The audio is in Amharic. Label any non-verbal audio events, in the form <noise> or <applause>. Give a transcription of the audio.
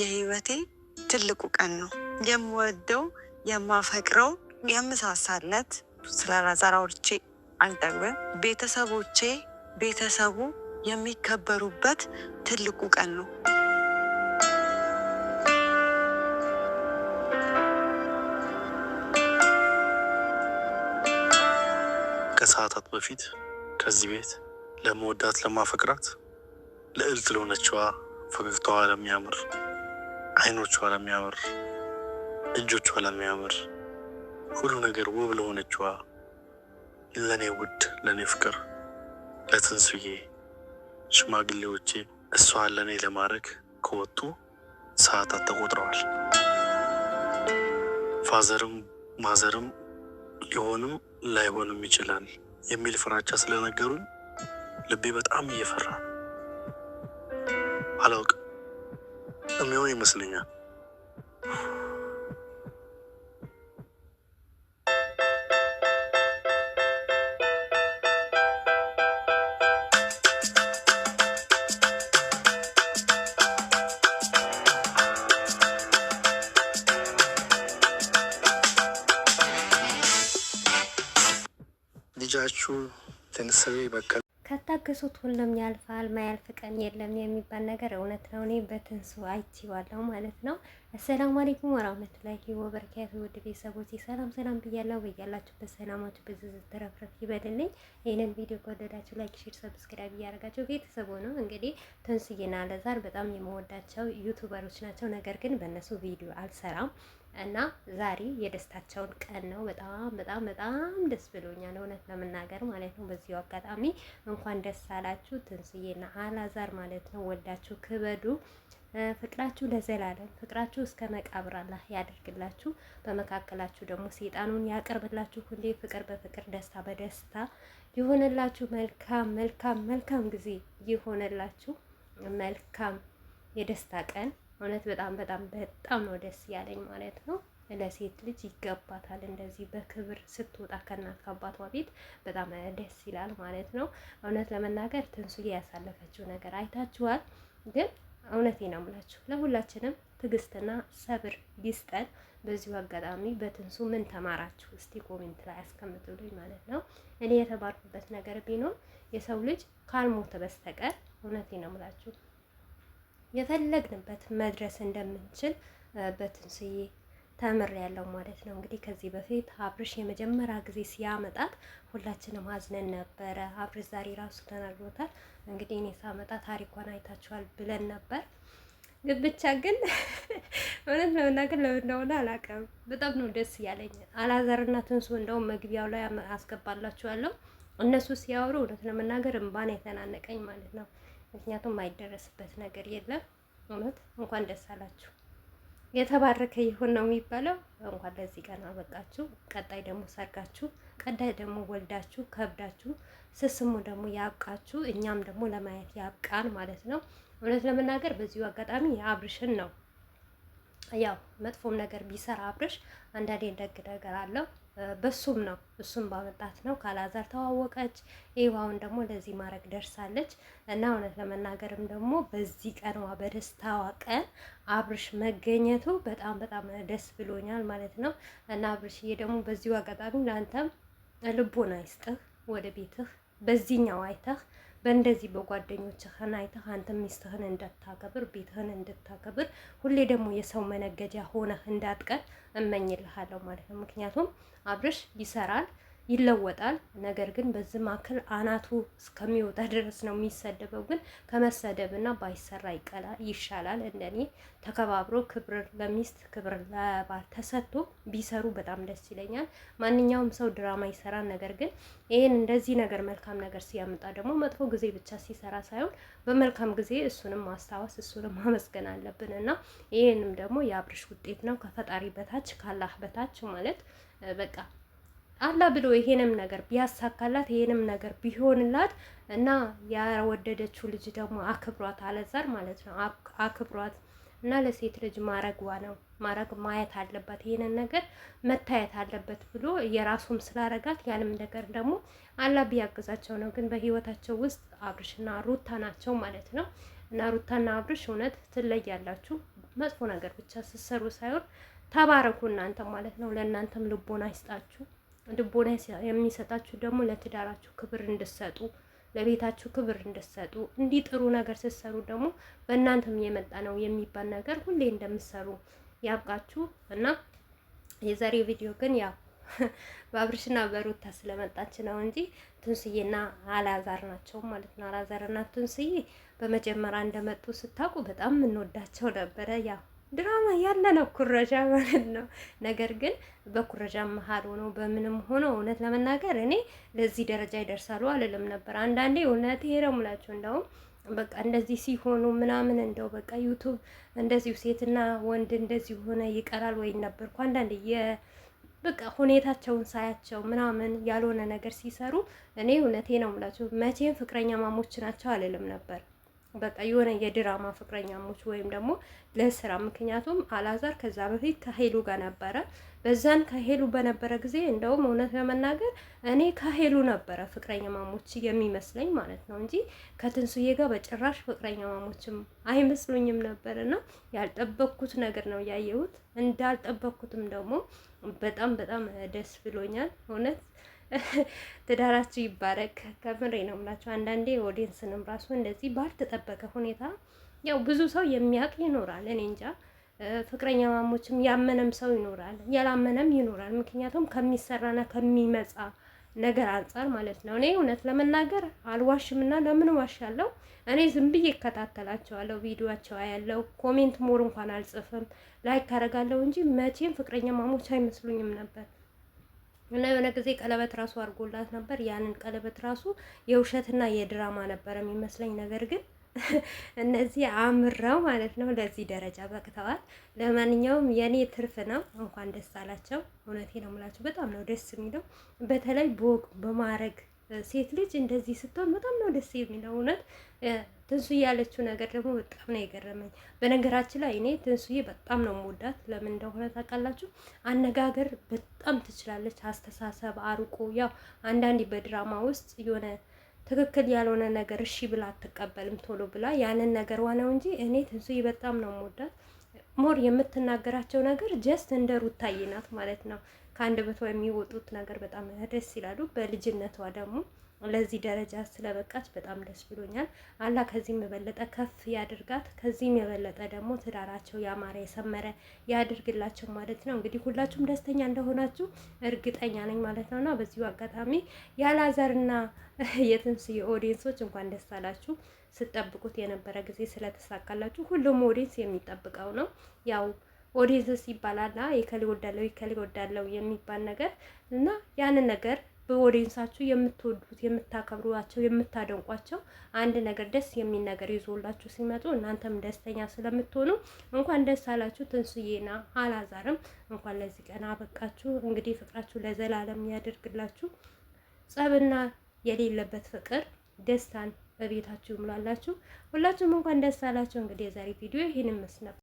የህይወቴ ትልቁ ቀን ነው። የምወደው የማፈቅረው የምሳሳለት ስለ ራዛራዎቼ አልጠግብም። ቤተሰቦቼ ቤተሰቡ የሚከበሩበት ትልቁ ቀን ነው። ከሰዓታት በፊት ከዚህ ቤት ለመወዳት ለማፈቅራት ልዕልት ለሆነችዋ ፈገግታዋ ለሚያምር አይኖቿ ለሚያምር እጆቿ ለሚያምር ሁሉ ነገር ውብ ለሆነችዋ ለእኔ ውድ ለእኔ ፍቅር ለትንሱዬ ሽማግሌዎቼ እሷን ለእኔ ለማድረግ ከወጡ ሰዓታት ተቆጥረዋል። ፋዘርም ማዘርም ሊሆንም ላይሆንም ይችላል የሚል ፍራቻ ስለነገሩኝ ልቤ በጣም እየፈራ አላውቅም። ਸਮੇਂ ਉਹ ਹੀ ਮਸਲੀਆਂ Jadi ባታገሱት ሁሉም ያልፋል፣ ማያልፍ ቀን የለም የሚባል ነገር እውነት ነው። እኔ በትንሱ አይቼዋለሁ ማለት ነው። አሰላሙ አለይኩም ወራህመቱላሂ ወበረካቱ። ውድ ቤተሰቦች ሰላም ሰላም ብያለሁ። በያላችሁ በሰላማችሁ ብዙ ተረፍረፍ ይበልልኝ። ይህንን ቪዲዮ ከወደዳችሁ ላይክ፣ ሼር፣ ሰብስክራይብ እያደረጋችሁ ቤተሰቡ ነው። እንግዲህ ትንሱዬና አለዛር በጣም የመወዳቸው ዩቱበሮች ናቸው። ነገር ግን በእነሱ ቪዲዮ አልሰራም እና ዛሬ የደስታቸውን ቀን ነው። በጣም በጣም በጣም ደስ ብሎኛል እውነት ለመናገር ማለት ነው። በዚሁ አጋጣሚ እንኳን ደስ አላችሁ ትንስዬና አላዛር ማለት ነው። ወልዳችሁ ክበዱ። ፍቅራችሁ ለዘላለም ፍቅራችሁ እስከ መቃብር አላህ ያደርግላችሁ። በመካከላችሁ ደግሞ ሰይጣኑን ያቀርብላችሁ። ሁሌ ፍቅር በፍቅር ደስታ በደስታ ይሆንላችሁ። መልካም መልካም መልካም ጊዜ ይሆንላችሁ። መልካም የደስታ ቀን እውነት በጣም በጣም በጣም ነው ደስ ያለኝ ማለት ነው። ለሴት ልጅ ይገባታል እንደዚህ በክብር ስትወጣ ከእናት ከአባቷ ቤት በጣም ደስ ይላል ማለት ነው። እውነት ለመናገር ትንሱዬ ያሳለፈችው ነገር አይታችኋል። ግን እውነቴ ነው የምላችሁ ለሁላችንም ትዕግስትና ሰብር ይስጠን። በዚሁ አጋጣሚ በትንሱ ምን ተማራችሁ እስቲ ኮሜንት ላይ አስቀምጡልኝ ማለት ነው። እኔ የተማርኩበት ነገር ቢኖር የሰው ልጅ ካልሞተ በስተቀር እውነቴ ነው የምላችሁ የፈለግንበት መድረስ እንደምንችል በትንስዬ ተምር ያለው ማለት ነው። እንግዲህ ከዚህ በፊት አብርሽ የመጀመሪያ ጊዜ ሲያመጣት ሁላችንም አዝነን ነበረ። አብርሽ ዛሬ ራሱ ተናግሮታል። እንግዲህ እኔ ሳመጣ ታሪኳን አይታችኋል ብለን ነበር። ብቻ ግን <laughs> እውነት ለመናገር ለምን እንደሆነ አላውቅም፣ በጣም ነው ደስ እያለኝ። አላዘርና ትንሱ እንደውም መግቢያው ላይ አስገባላችኋለሁ። እነሱ ሲያወሩ እውነት ለመናገር እምባን የተናነቀኝ ማለት ነው ምክንያቱም የማይደረስበት ነገር የለም። እውነት እንኳን ደስ አላችሁ። የተባረከ ይሁን ነው የሚባለው። እንኳን ለዚህ ቀን አበቃችሁ። ቀጣይ ደግሞ ሰርጋችሁ፣ ቀጣይ ደግሞ ወልዳችሁ ከብዳችሁ ስስሙ ደግሞ ያብቃችሁ። እኛም ደግሞ ለማየት ያብቃን ማለት ነው። እውነት ለመናገር በዚሁ አጋጣሚ የአብርሽን ነው ያው መጥፎም ነገር ቢሰራ አብርሽ አንዳንዴ ደግ ነገር አለው። በሱም ነው እሱም ባመጣት ነው ካላዛር ተዋወቀች። ኤቫውን ደግሞ ለዚህ ማድረግ ደርሳለች እና እውነት ለመናገርም ደግሞ በዚህ ቀኗ በደስታዋ ቀን አብርሽ መገኘቱ በጣም በጣም ደስ ብሎኛል ማለት ነው። እና አብርሽዬ ደግሞ በዚሁ አጋጣሚ ለአንተም ልቦና ይስጥህ፣ ወደ ቤትህ በዚህኛው አይተህ በእንደዚህ በጓደኞችህን አይተህ አንተ ሚስትህን እንድታከብር ቤትህን እንድታከብር ሁሌ ደግሞ የሰው መነገጃ ሆነህ እንዳትቀር እመኝልሃለሁ ማለት ነው። ምክንያቱም አብርሽ ይሰራል ይለወጣል። ነገር ግን በዚህ ማክል አናቱ እስከሚወጣ ድረስ ነው የሚሰደበው። ግን ከመሰደብና ባይሰራ ይቀላ ይሻላል። እንደኔ ተከባብሮ ክብር ለሚስት ክብር ለባል ተሰጥቶ ቢሰሩ በጣም ደስ ይለኛል። ማንኛውም ሰው ድራማ ይሰራል። ነገር ግን ይህን እንደዚህ ነገር መልካም ነገር ሲያመጣ ደግሞ መጥፎ ጊዜ ብቻ ሲሰራ ሳይሆን በመልካም ጊዜ እሱንም ማስታወስ እሱንም ማመስገን አለብን እና ይህንም ደግሞ የአብርሽ ውጤት ነው ከፈጣሪ በታች ካላህ በታች ማለት በቃ አላ ብሎ ይሄንም ነገር ቢያሳካላት ይሄንም ነገር ቢሆንላት እና ያወደደችው ልጅ ደግሞ አክብሯት፣ አለዛር ማለት ነው አክብሯት እና ለሴት ልጅ ማረግዋ ነው ማረግ ማየት አለባት፣ ይሄንን ነገር መታየት አለበት ብሎ የራሱም ስላረጋት ያንም ነገር ደግሞ አላ ቢያግዛቸው ነው። ግን በህይወታቸው ውስጥ አብርሽና ሩታ ናቸው ማለት ነው። እና ሩታና አብርሽ እውነት ትለያላችሁ። መጥፎ ነገር ብቻ ስትሰሩ ሳይሆን ተባረኩ እናንተ ማለት ነው። ለእናንተም ልቦና ይስጣችሁ። ልቦና የሚሰጣችሁ ደግሞ ለትዳራችሁ ክብር እንድሰጡ ለቤታችሁ ክብር እንድሰጡ እንዲህ ጥሩ ነገር ስትሰሩ ደግሞ በእናንተም የመጣ ነው የሚባል ነገር ሁሌ እንደምትሰሩ ያብቃችሁ እና የዛሬ ቪዲዮ ግን ያው <laughs> በአብርሽና በሩታ ስለመጣች ነው እንጂ ትንስዬና አላዛር ናቸው ማለት ነው። አላዛርና ትንስዬ በመጀመሪያ እንደመጡ ስታውቁ በጣም እንወዳቸው ነበረ ያው ድራማ ያለ ነው ኩረጃ ማለት ነው። ነገር ግን በኩረጃ መሀል ሆኖ በምንም ሆኖ እውነት ለመናገር እኔ ለዚህ ደረጃ ይደርሳሉ አልልም ነበር። አንዳንዴ እውነት ሄረ ሙላቸው እንደውም በቃ እንደዚህ ሲሆኑ ምናምን እንደው በቃ ዩቱብ እንደዚሁ ሴትና ወንድ እንደዚህ ሆነ ይቀራል ወይ ነበርኩ። አንዳንዴ በቃ ሁኔታቸውን ሳያቸው ምናምን ያልሆነ ነገር ሲሰሩ እኔ እውነቴ ነው ሙላቸው መቼም ፍቅረኛ ማሞች ናቸው አልልም ነበር። በቃ የሆነ የድራማ ፍቅረኛሞች ወይም ደግሞ ለስራ ምክንያቱም አላዛር ከዛ በፊት ከሄሉ ጋር ነበረ። በዛን ከሄሉ በነበረ ጊዜ እንደውም እውነት ለመናገር እኔ ከሄሉ ነበረ ፍቅረኛ ማሞች የሚመስለኝ ማለት ነው እንጂ ከትንሱዬ ጋር በጭራሽ ፍቅረኛ ማሞችም አይመስሉኝም ነበር። እና ያልጠበኩት ነገር ነው ያየሁት። እንዳልጠበኩትም ደግሞ በጣም በጣም ደስ ብሎኛል እውነት <laughs> ትዳራችሁ ይባረክ። ከምሬ ነው የምላችሁ። አንዳንዴ ኦዲየንስንም ራሱ እንደዚህ ባልተጠበቀ ሁኔታ ያው ብዙ ሰው የሚያውቅ ይኖራል። እኔ እንጃ ፍቅረኛ ማሞችም ያመነም ሰው ይኖራል፣ ያላመነም ይኖራል። ምክንያቱም ከሚሰራና ከሚመጣ ነገር አንጻር ማለት ነው። እኔ እውነት ለመናገር አልዋሽምና ለምን ዋሻለሁ? እኔ ዝም ብዬ እከታተላቸዋለሁ፣ ቪዲዮቸው ያለው ኮሜንት ሞር እንኳን አልጽፍም፣ ላይክ አረጋለሁ እንጂ መቼም ፍቅረኛ ማሞች አይመስሉኝም ነበር። እና የሆነ ጊዜ ቀለበት ራሱ አድርጎላት ነበር። ያንን ቀለበት ራሱ የውሸትና የድራማ ነበር የሚመስለኝ። ነገር ግን <laughs> እነዚህ አምረው ማለት ነው ለዚህ ደረጃ በቅተዋል። ለማንኛውም የኔ ትርፍ ነው። እንኳን ደስ አላቸው። እውነቴ ነው የምላችሁ፣ በጣም ነው ደስ የሚለው በተለይ በወግ በማረግ ሴት ልጅ እንደዚህ ስትሆን በጣም ነው ደስ የሚለው። እውነት ትንሱዬ ያለችው ነገር ደግሞ በጣም ነው የገረመኝ። በነገራችን ላይ እኔ ትንሱዬ በጣም ነው የምወዳት። ለምን እንደሆነ ታውቃላችሁ? አነጋገር በጣም ትችላለች። አስተሳሰብ አርቆ፣ ያው አንዳንዴ በድራማ ውስጥ የሆነ ትክክል ያልሆነ ነገር እሺ ብላ አትቀበልም፣ ቶሎ ብላ ያንን ነገር ዋነው እንጂ እኔ ትንሱዬ በጣም ነው የምወዳት። ሞር የምትናገራቸው ነገር ጀስት እንደ ሩታዬ ናት ማለት ነው። ከአንደበቷ የሚወጡት ነገር በጣም ደስ ይላሉ። በልጅነቷ ደግሞ ለዚህ ደረጃ ስለበቃች በጣም ደስ ብሎኛል። አላህ ከዚህም የበለጠ ከፍ ያድርጋት። ከዚህም የበለጠ ደግሞ ትዳራቸው ያማረ የሰመረ ያድርግላቸው ማለት ነው። እንግዲህ ሁላችሁም ደስተኛ እንደሆናችሁ እርግጠኛ ነኝ ማለት ነው እና በዚሁ አጋጣሚ ያላዘርና <laughs> የትንስዬ ኦዲየንሶች እንኳን ደስ አላችሁ። ስጠብቁት የነበረ ጊዜ ስለተሳካላችሁ ሁሉም ኦዲየንስ የሚጠብቀው ነው ያው ኦዲየንስስ ና የከሌ ወዳለው የከሌ ወዳለው የሚባል ነገር እና ያንን ነገር በኦዲየንሳችሁ የምትወዱት የምታከብሯቸው የምታደንቋቸው አንድ ነገር ደስ የሚል ነገር ይዞላችሁ ሲመጡ እናንተም ደስተኛ ስለምትሆኑ እንኳን ደስ አላችሁ። ትንሱዬና አላዛርም እንኳን ለዚህ ቀን አበቃችሁ። እንግዲህ ፍቅራችሁ ለዘላለም ያደርግላችሁ። ጸብና የሌለበት ፍቅር ደስታን በቤታችሁ ይሙላላችሁ። ሁላችሁም እንኳን ደስ አላችሁ። እንግዲህ የዛሬ ቪዲዮ ይህን መስነው